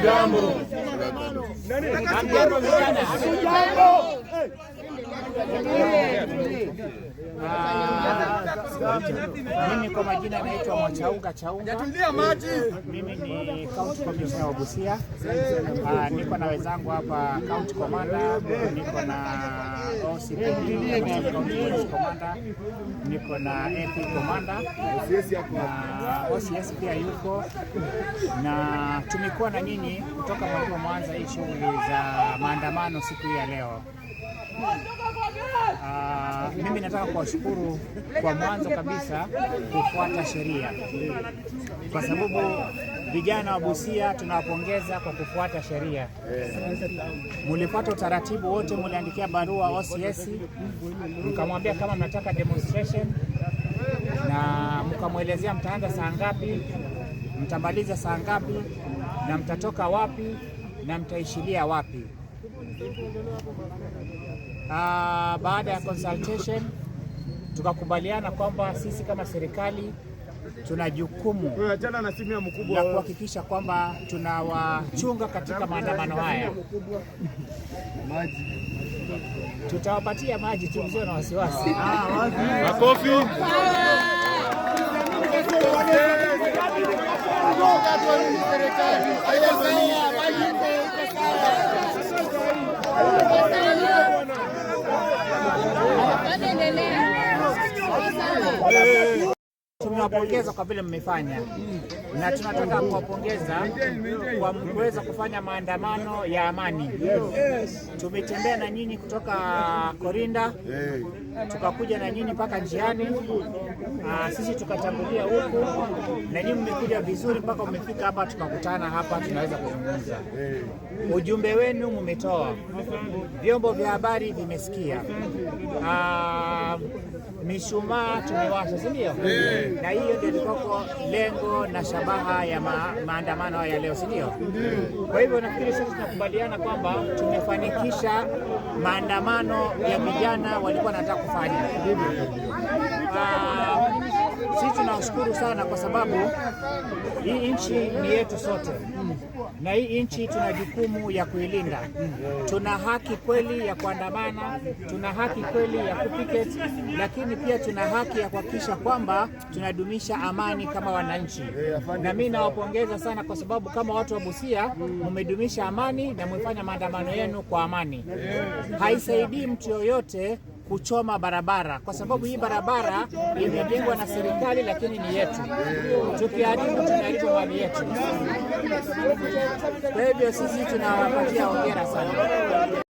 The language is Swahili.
Jambo. Mimi kwa majina naitwa Mwachauga Chaunga. Mimi ni county commissioner wa Busia. Ah, niko na wenzangu hapa county commander, niko na Komanda, niko na AP Komanda na OCS pia yuko na tumekuwa na nyinyi kutoka mwanzo mwanza hii shughuli za maandamano siku hii ya leo. Uh, mimi nataka kuwashukuru kwa mwanzo kabisa kufuata sheria, kwa sababu vijana wa Busia tunawapongeza kwa kufuata sheria. Mlipata utaratibu wote, muliandikia barua OCS TCS, mkamwambia kama mnataka demonstration na mkamwelezea mtaanza saa ngapi, mtamaliza saa ngapi, na mtatoka wapi na mtaishilia wapi. Uh, baada ya consultation tukakubaliana kwamba sisi kama serikali tuna jukumu la kuhakikisha kwamba tunawachunga katika maandamano haya. Tutawapatia maji tu, msio na wasiwasi. Ah, Makofi tumewapongeza kwa vile mmefanya na tunataka kuwapongeza kwa kuweza kufanya maandamano ya amani. Tumetembea na nyinyi kutoka Korinda, tukakuja na nyinyi mpaka njiani, ah, sisi tukatangulia huku na nyinyi mmekuja vizuri mpaka mmefika hapa, tukakutana hapa, tunaweza kuzungumza. Ujumbe wenu mmetoa, vyombo vya habari vimesikia. Ah, mishumaa tumewasha, si ndio? Eh. Na hiyo ndio ilikuwa lengo na shabaha ya ma, maandamano haya leo, si ndio? Eh. Kwa hivyo nafikiri sisi tunakubaliana kwamba tumefanikisha maandamano ya vijana walikuwa wanataka kufanya tunashukuru sana kwa sababu hii nchi ni yetu sote mm. na hii nchi tuna jukumu ya kuilinda mm. tuna haki kweli ya kuandamana, tuna haki kweli ya kupiket, lakini pia tuna haki ya kuhakikisha kwamba tunadumisha amani kama wananchi, na mimi nawapongeza sana kwa sababu kama watu wa Busia mmedumisha amani na mmefanya maandamano yenu kwa amani. Haisaidii mtu yoyote kuchoma barabara, kwa sababu hii barabara imejengwa na serikali lakini ni yetu. Tukiharibu tunaharibu mali yetu. Kwa hivyo sisi tunawapatia hongera sana.